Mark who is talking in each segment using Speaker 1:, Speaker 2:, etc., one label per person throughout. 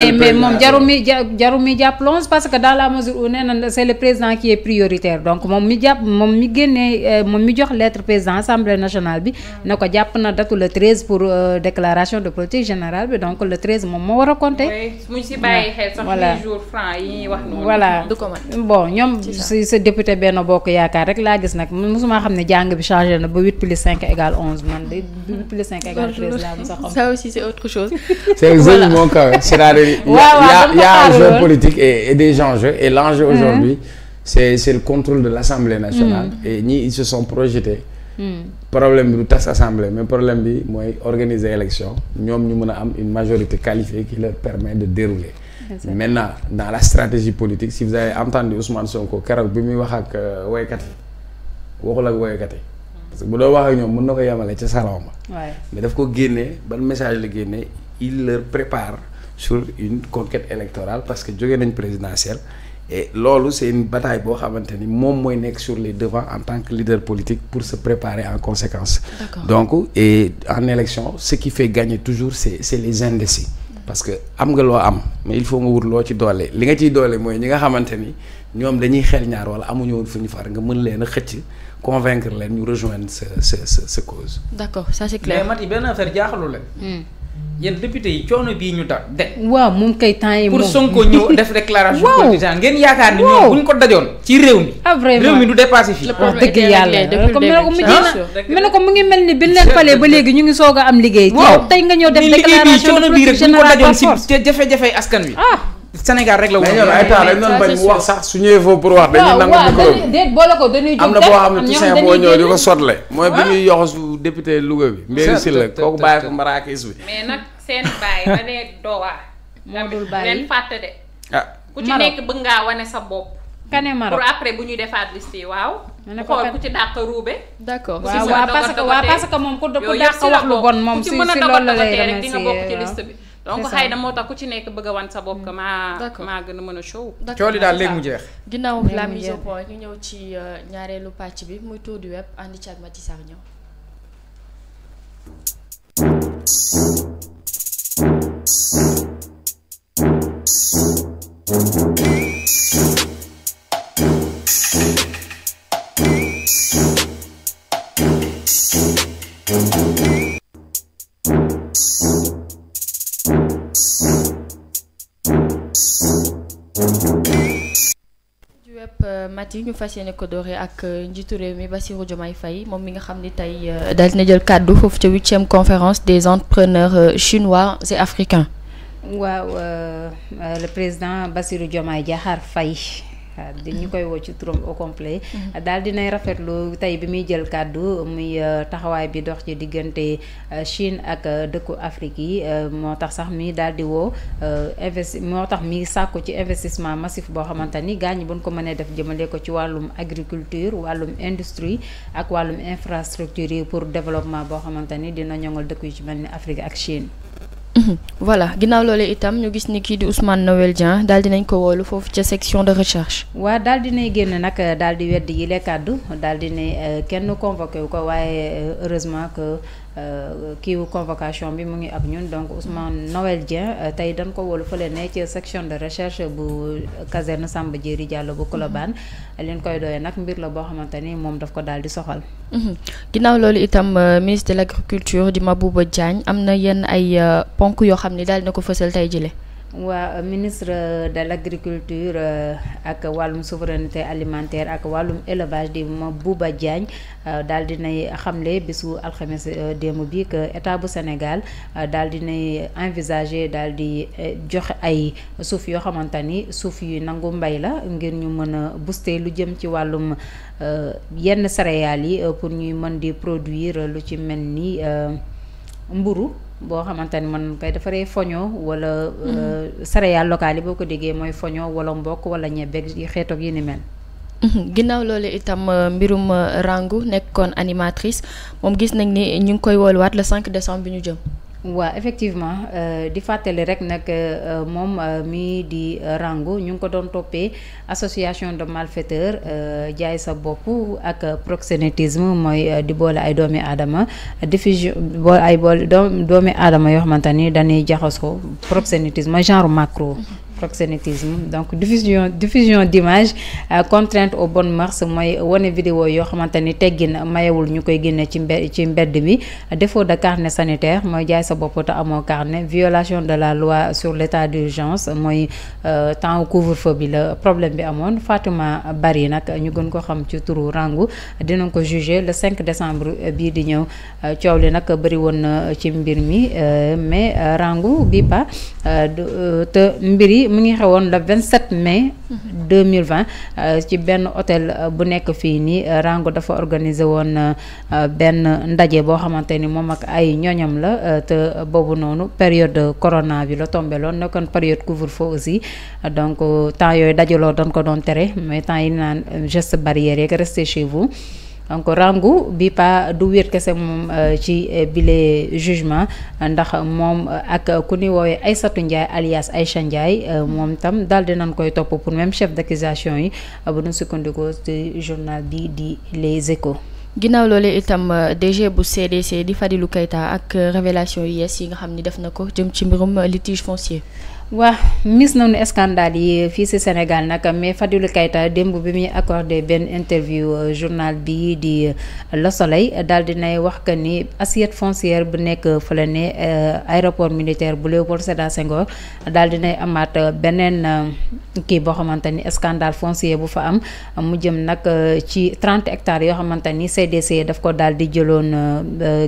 Speaker 1: mais moom jaru
Speaker 2: mi jaru mi jàpp longe parce que dans la mesure où nee na c'est le président qui est prioritaire donc moom mi jàpp moom mi génnee euh, moom mi jox lettre président assemblée nationale bi ah. na ko jàpp na datu le 13 pour euh, déclaration de politique générale bi donc le 13 moom moo war a compter.
Speaker 3: mu si bàyyi xel sax les wax noonu. voilà
Speaker 2: bon ñoom si sa député benn bokk yaakaar rek laa gis nag mosuma xam ne jàng bi changé na ba 8 plus 5 égale 11 man de
Speaker 1: 8 plus 5 égale 13 laa mos a xam. ça aussi c'est autre chose.
Speaker 4: c'est y a un jeu politique et, et des enjeux et l'enjeu mm-hmm. aujourd'hui c'est le contrôle de l'Assemblée nationale mm. et ñi ils se sont projetés mm. problème bi du tas assemblée mais problème bi mooy organiser élection ñoom ñu mun a am une majorité qualifiée qui leur permet de dérouler maintenant dans la stratégie politique si vous avez entendu Ousmane Sonko keroog bi muy wax ak euh, woykat yi waxul ak woykat yi parce que bu doon wax ak ñoom mën na ko yemale ca salon ba mais daf ko sur une conquête électorale parce que jóge nañ présidentielle et loolu c'est une boo xamante ni moom mooy nekk su les devants en tant que leader politique pour se préparer en conséquence donc et en élection ce qui fait gagner toujours c'est c'est les indécis parce que am nga loo am mais il faut nga wut loo ci doole li nga ciy doole mooy ñi nga xamante ni ñoom dañuy xel ñaar wala amuñu woon fu ñu far nga mën leen a xëcc convaincre leen ñu rejoindre sa sa sa cause d'accord yéen député yi coono bii ñu da de.
Speaker 2: waaw moom kay temps yi pour Sonko
Speaker 4: ñëw def déclaration. partisan ngeen yaakaar
Speaker 3: ni ñoom bu ñu ko dajoon. ci réew mi.
Speaker 2: ah réew mi du dépassé fii. wax dëgg yàlla
Speaker 3: comme mu
Speaker 2: ne ko mu ngi mel ni bi ñu ba léegi ñu ngi soog am liggéey. waaw tey nga ñëw def déclaration de politique générale bi coono bii rek bu ñu ko dajoon si jafe-jafe askan wi. Ah. Sénégal rek la
Speaker 4: woon. ñoom ay temps dañu doon bañ wax sax su ñëwee foofu pour wax dañuy nangu micro
Speaker 2: boole ko dañuy jóg am na boo xam ne Toussaint boo ñëw di ko
Speaker 4: sotle mooy bi ah. ñuy yoxosu bi Mbéri Sylla kooku bàyyi ko maraakis bi
Speaker 1: ba dee ah.
Speaker 3: ku ci nekk bëgg ngaa wane sa bopp kane Maroc pour après bu ñuy defaat liste yi waaw. ma xool ku ci d' accord
Speaker 1: waaw parce que waaw parce que moom donc xëy dam
Speaker 3: moo tax ku ci nekk bëgg a wan sa bopp maa mm. maa gën a mën a show. d'accord daal léegi mu jeex. ginnaaw la mise
Speaker 1: ñëw ci euh, ñaareelu pàcc bi muy tour du web andi ci ak Mati Sarr ñëw. xibaat yi ñu fas yéene ko dooree ak euh, njiitu réew mi Bassirou Diomaye fay moom mi nga xam ni tey euh, daal dina jël kàddu foofu ca huitième conférence des entrepreneurs euh, chinois et africains waaw
Speaker 2: le président Bassirou Diomaye Diakhar Faye di ñu koy woo ci turam au complet mm-hmm. daal dinay rafetlu tey bi muy jël kàddu muy euh, taxawaay bi dox ci diggante euh, Chine ak euh, dëkku Afrique yi moo tax sax mi daal di woo investi moo tax mi sàkku ci investissement massif boo xamante ni gaañ buñ ko mënee def jëmale ko ci wàllum agriculture wàllum industrie ak wàllum infrastructure yi pour développement boo xamante ni dina ñoŋal dëkk yu ci mel ni Afrique ak Chine
Speaker 1: Mhm. voilà ginaaw loole itam ñu gis ni kii di Ousmane nowel Dieng daal dinañ ko woolu foofu ca section de recherche.
Speaker 2: waaw daal nay génn nag daal di weddi yi lekk kàddu daal di ne euh, kenn convoqué wu ko waaye euh, heureusement que. Euh, kiiwu convocation bi mu ngi ab ñun donc Ousmane Noël Dieng euh, tey dañ ko wolu fële ne ci section de recherche bu caserne Samba Diéry Diallo bu Colobane mm-hmm. leen koy doye nag mbir la boo xamante ni moom daf ko daal di soxal.
Speaker 1: Mm-hmm. ginnaaw loolu itam euh, ministre de l' di ma Mabouba Diagne am na yenn ay ponk yoo xam ni daal na ko fësal tey jile
Speaker 2: waa euh, ministre euh, de l' agriculture euh, ak wàllum souveraineté alimentaire ak wàllum élevage di Mabouba Diagne daal di nay xamle bisu alxames démb bi que état bu Sénégal daal di nay envisager daal di joxe ay suuf yoo xamante ni suuf yu nangu mbay la ngir ñu mën a booster lu jëm ci wàllum yenn céréales yi pour ñuy mën di produire lu ci mel ni. mburu boo xamante ni man koy defaree foño wala mhm. euh, céréales locales yi boo ko déggee mooy foño wala mbokk wala ñebeeg yi xeetoog yi ni mel
Speaker 1: mhm. ginnaaw loolu itam euh, mbirum euh, nekk kon animatrice moom gis nañ ni ñu ngi koy wooluwaat le cinq décembre bi ñu jëm waaw effectivement euh, di fàttali rek nag euh, euh, moom
Speaker 2: mii di Rango ñu ngi ko doon toppee association de malfaiteurs jaay sa bopp ak proxénétisme mooy di boole ay doomi aadama diffusion boole ay boole doomi aadama yoo xamante ni dañuy jaxasoo proxénétisme genre macro mhm. proxénétisme donc diffusion diffusion d'images euh, contrainte aux bonnes mœurs mooy wone vidéo yoo xamante ni teggin mayewul ñu koy génne ci mbed ci mbedd bi défaut de carnet sanitaire mooy jaay sa bopp te amoo carnet violation de la loi sur l'état d'urgence mooy euh, temps couvre-feu bi la problème bi amoon Fatouma Bari nag ñu gën ko xam ci turu Rangu dinañ ko juger le 5 décembre bii di ñëw euh, coow li nag bëri woon na ci mbir mi mais Rangu bi pa te mbir bi mu ngi xewoon le 27 mai 2020 euh, ci benn hôtel euh, bu nekk fii nii euh, Rango dafa organiser woon benn ndaje boo xamante ni moom ak ay ñoñam la te boobu noonu période corona bi la tombé loon nekkoon période couvre-feu aussi donc temps yooyu dajaloo doon ko doon tere mais temps yi naan geste barrière yeeg rester chez donc rango bi pa du wér kese moom euh, ci euh, bile jugement ndax moom euh, ak ku ñuy woowee Aïssatou Ndiaye alias Aïcha Ndiaye moom tam daal dinañ koy topp pour même chef d'accusation yi bu ñu sukkandikoo ci journal bi di Les Échos.
Speaker 1: ginnaaw loole itam DG bu CDC di fadilu Keita ak révélation yu yees yi nga xam ni def na ko jëm ci mbirum litige foncier. waa
Speaker 2: mis nañu scandale yi fii si Sénégal nag mais Fadilou Keita démb bi muy accordé benn interview euh, journal bi di euh, Le Soleil daal di nay wax que ni assiette foncière bu nekk fële ne euh, aéroport militaire bu Léopold Sédar Senghor daal di nay amaat beneen kii boo xamante ni scandale foncier bu fa am mu jëm nag ci trente hectares yoo xamante ni CDC daf ko daal di jëloon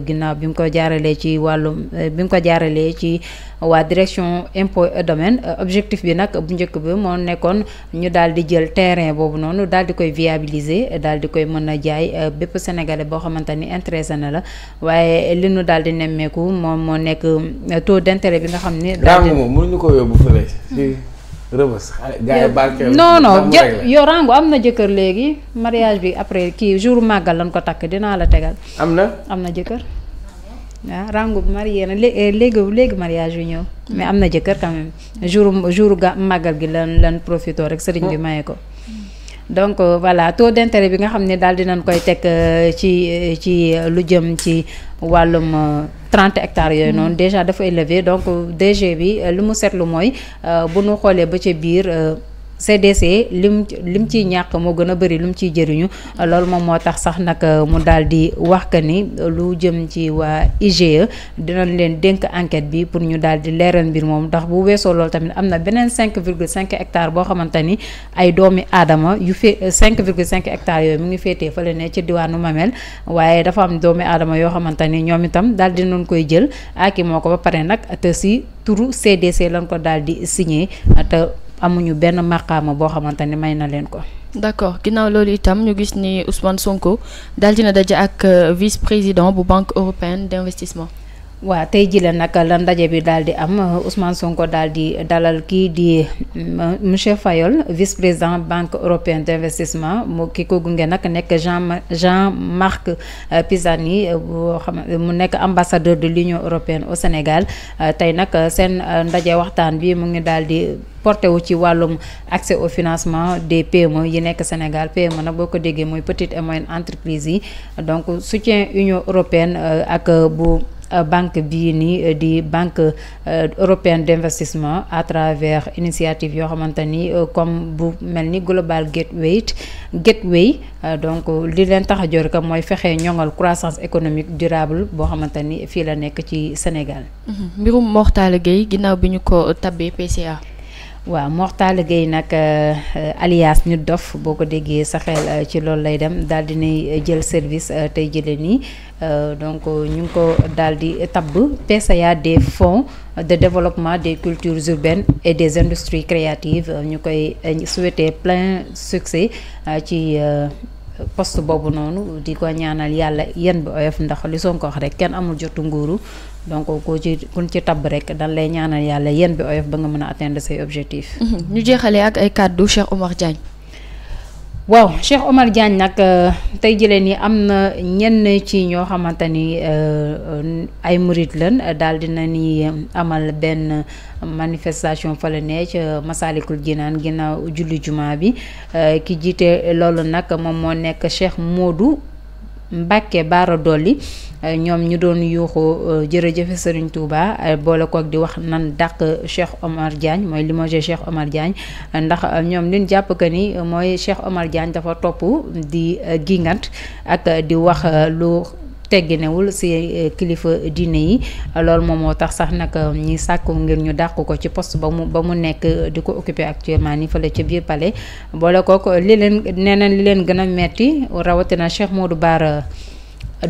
Speaker 2: ginnaaw bi mu ko jaaralee ci wàllum bi mu ko jaaralee ci waa direction impôt domaine euh, objectif bi nag bu njëkk bi moo nekkoon ñu daal di jël terrain boobu noonu daal di koy viabiliser daal di koy mën a jaay euh, bépp sénégalais boo xamante ni intéressé na la waaye li nu daal di nemmeeku moom moo nekk euh, taux d'intérêt bi nga xam ni. daal di moom
Speaker 4: mënuñu ko yóbbu fële si hmm. rëbës gars yi barkeel non non yow
Speaker 2: rango am na jëkkër léegi mariage bi après kii jour màggal lañ ko takk dinaa la tegal. am na am na jëkkër. waaw Rangou marié na euh, léegi léegi mariage yu ñëw. mais am na jëkkër quand même jour jour ga màggal gi lan lan profité rek sëriñ bi oh. maye ko. donc euh, voilà taux d'intérêt bi nga xam ne daal nan koy teg euh, ci ci lu jëm ci wàllum. 30 hectares yooyu noonu mm. déjà dafa élevé donc DG bi lu mu seetlu mooy bu nu xoolee ba ca biir. CDC lim lim ciy ñàkk moo gën a bëri lim ciy jëriñu loolu moom moo tax sax nag euh, mu daal di wax que ni lu jëm ci waa IGE dinañ leen dénk enquête bi pour ñu daal di leeral mbir moom ndax bu weesoo loolu tamit am na beneen 5,5 hectares boo xamante ni ay doomi aadama yu fee 5,5 euh, hectares yooyu mu ngi féetee fële ne ci diwaanu Mamel waaye dafa am doomi aadama yoo xamante ni ñoom itam daal di noonu koy jël aki moo ko ba pare nag te si turu CDC lañ ko daal di signé amuñu benn màqaama boo xamante ni may na leen ko.
Speaker 1: d'accord ginnaaw loolu itam ñu gis ni Ousmane Sonko daal dina daje ak euh, vice-président bu banque européenne d'investissement. waaw tey jii la nag la ndaje bi daal di am euh, Ousmane Sonko daal di dalal kii
Speaker 2: di euh, monsieur Fayol vice-président banque européenne d'investissement mu ki ko gunge nag nekk Jean Jean-Marc Pisani boo xam mu nekk ambassadeur de l'Union européenne au Sénégal tey nag seen ndaje waxtaan bi mu ngi daal di. porté wu ci wàllum accès au financement de PME yi nekk Sénégal PME nag boo ko déggee mooy petite et moyenne entreprise yi donc soutien Union européenne euh, ak euh, bu euh, banque bii ni di banque européenne d'investissement à travers initiative yoo xamante ni comme bu mel ni global gateway gateway donc li leen taxa a jor ka mooy fexe ñoŋal croissance économique durable boo xamante ni fii la nekk ci Sénégal.
Speaker 1: Mm-hmm. mbirum Mor Talla Gueye ginnaaw bi ñu ko
Speaker 2: tabbee PCA. waaw Mortalla Gueye nag euh, alias Nit Dof boo ko déggee sa xel euh, ci loolu lay dem daal di nay jël service euh, tey jëlee nii donc ñu ngi ko daal di tabb PCA des fonds de développement des cultures urbaines et des industries créatives ñu koy souhaiter plein succès ci. poste boobu noonu di ko ñaanal yàlla yen bi oyof ndax li Sonko wax rek kenn amul jotu nguuru donc ku ci kun ci tabb rek dan lay ñaanal yàlla yen bi oyof ba nga mën a atteindre say
Speaker 1: objectifs. ñu jeexalee ak ay kàddu Cheikh Omar Diagne. waaw Cheikh Omar Diagne
Speaker 2: nag euh, tey jëlee nii am na ñenn ci ñoo xamante ni euh, euh, ay murit lañ daal dina ni amal benn manifestation fële ne ca Jinaan ginnaaw julli jumaa bi ki jiite loolu nag moom moo nekk Cheikh Modou. Mbacke Baara Dolli euh, ñoom ñu doon yuuxu euh, jërëjëfe Serigne Touba euh, boole koog di wax nan dàq Cheikh Omar Diagne mooy limogé Cheikh Omar Diagne ndax ñoom liñ jàpp que ni mooy Cheikh Omar Diagne dafa topp di gingant ak di wax lu. tegginewul si euh, kilifa diine yi lool moom moo tax sax nag euh, ñi sàkku ngir ñu dàq ko ci post ba mu ba mu nekk euh, di ko occupé actuellement nii fële ca biir palais boole kook li leen nee li leen gën a metti rawatina Cheikh Modou Bara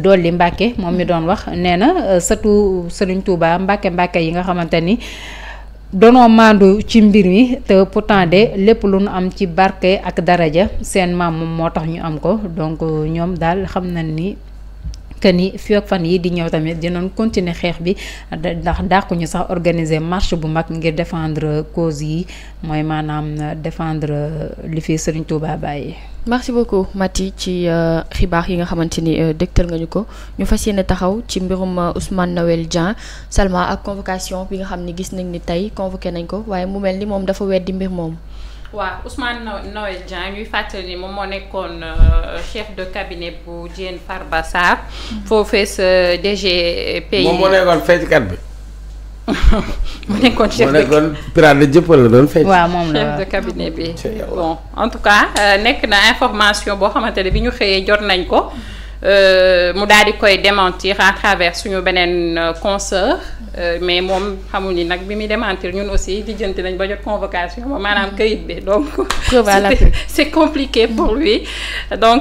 Speaker 2: Dolly Mbacke moom mi doon wax nee na sëtu Serigne Touba Mbacke Mbacke yi nga xamante ni donoo maandu ci mbir mi te pourtant de lépp lu nu am ci barke ak daraja seen maam moom moo tax ñu am ko donc ñoom daal xam nañ ni que ni fii ak fan yi di ñëw tamit dinañ continuer xeex bi ndax dàqu ñu sax organiser marche bu mag ngir défendre cause yi mooy maanaam defendre li fi Serigne Touba bàyyi.
Speaker 1: merci beaucoup yi ci euh, xibaar yi nga xamante ni euh, dégtal nga ñu ko ñu fas yéene taxaw ci mbirum euh, Ousmane Noël Dieng seulement ak convocation bi nga xam ni gis nañ ni tey convoqué nañ ko waaye mu mel ni moom dafa weer di mbir moom.
Speaker 3: waaw Ousmane Noël Diagne ñuy fàttali ni moom moo nekkoon euh, chef de cabinet bu Diène Farba Sarr mm-hmm. foofee sa DGPI. moom moo
Speaker 4: nekkoon fecckat bi. mu nekkoon chef de mu pirate jëppal
Speaker 2: moom la
Speaker 3: chef en tout cas euh, nekk na information boo xamante ne bi ñu xëyee jot nañ ko. Euh, mu daal di koy démentir à travers suñu beneen euh, consoeur euh, mais moom xamul ni nag bi muy démentir ñun aussi lijjanti nañ ba jot
Speaker 2: convocation maanaam mm-hmm. këyit bi donc. c'est compliqué pour lui donc.